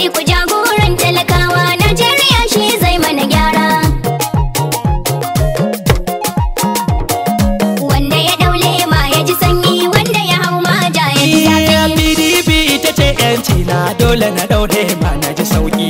shi ku jagoran talakawa Najeriya shi zai mana gyara. Wanda ya daule ma ya ji sanyi wanda ya hau ma ja ya ji zafi. PDP ita ce 'yanci na dole na daure ma na ji sauƙi.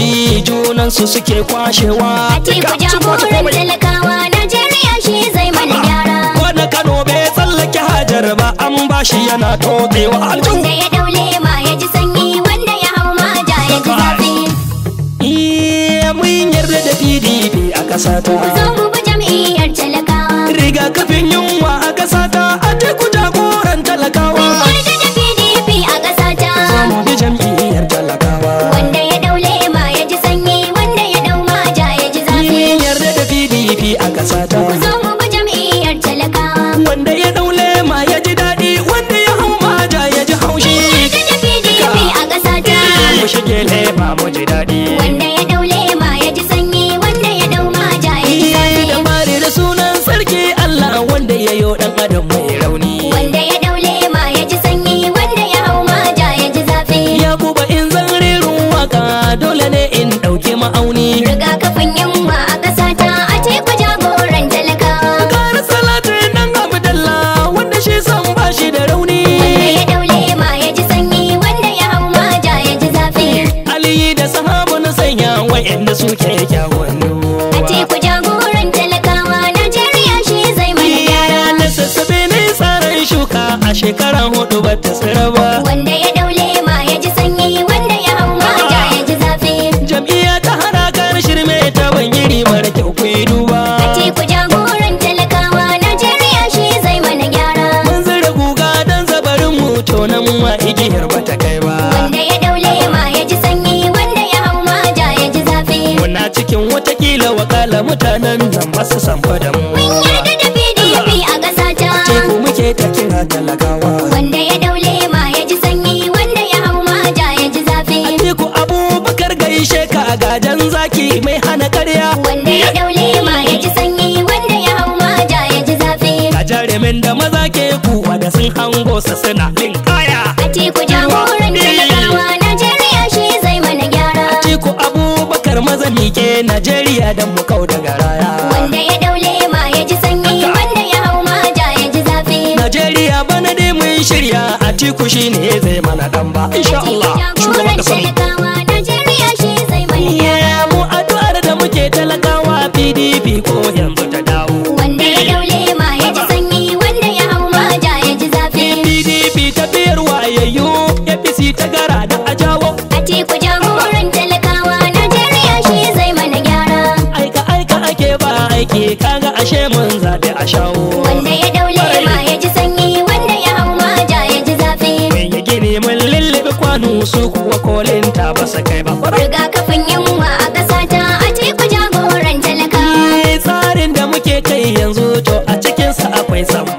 APC junan su suke kwashewa Atiku jagoran talakawa Najeriya shi zai mana gyara Wani Kano bai tsallake hajar ba an bashi yana tobewa aljo Wanda ya daule ma ya ji sanyi wanda ya hau ma ja ya ji zafi Iya mun yarda da PDP a ƙasa ta daɗi wanda ya dau lema ya ji sanyi wanda ya dau ja ya ji sanyi. da mare da sunan sarki Allah wanda ya yo dan adam shekara hudu ba ta tsira ba wanda ya daule ma ya ji sanyi wanda ya hau ma ya ji zafi jam'iyya ta hana kan shirme ta ban rimar ribar kyau ku yi duba ku jagoran talakawa najeriya shi zai mana gyara mun zira guga don zabarin mu to nan ma igiyar ba ta kai ba wanda ya daule ma ya ji sanyi wanda ya hau ma ya ji zafi muna cikin watakila wakala mutanen nan ba su san fadan mu mun yarda da PDP a ƙasa ta muke take Gagajen zaki mai hana karya wanda ya daule ma ya ji sanyi wanda ya hau ma ja ya ji zafi Ka jare min da maza ke kuwa da sun hango su suna kaya a ku jagoran talakawa najeriya shi zai mana gyara a ku abubakar Mazani ke najeriya don mu kau da garaya ke kaga ashe mun zaɓi a shawo wanda ya daule ma ya ji sanyi wanda ya hau ma ja ya ji zafi Me ya gini mun lullube kwano su kuwa kolin ta ba sa kai ba riga kafin yunwa a ƙasa ta a ce ku jagoran talaka tsarin da muke kai yanzu to a cikinsa akwai sama.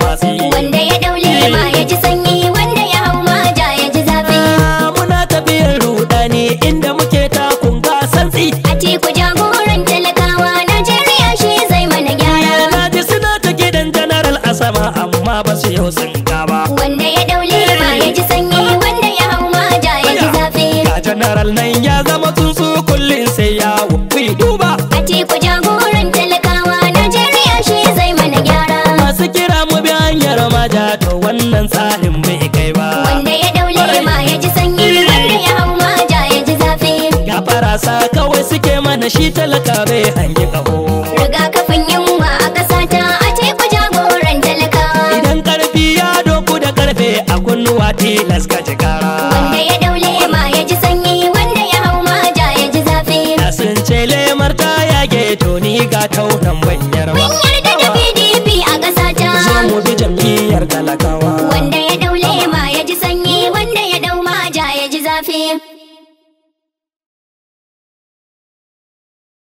ba su yau sun ba. Wanda ya daule ba ya ji sanyi wanda ya hau ma ja ya ji zafi. Ga janaral nan ya zama tsuntsu kullin sai ya wufi duba. A teku jagoran talakawa Najeriya shi zai mana gyara. Masu kira mu bi hanyar maja to wannan tsarin bai kai ba. Wanda ya daule ba ya ji sanyi wanda ya hau ma ja ya ji zafi. Ga farasa kawai suke mana shi talaka bai hangi kaho. ga taunan bai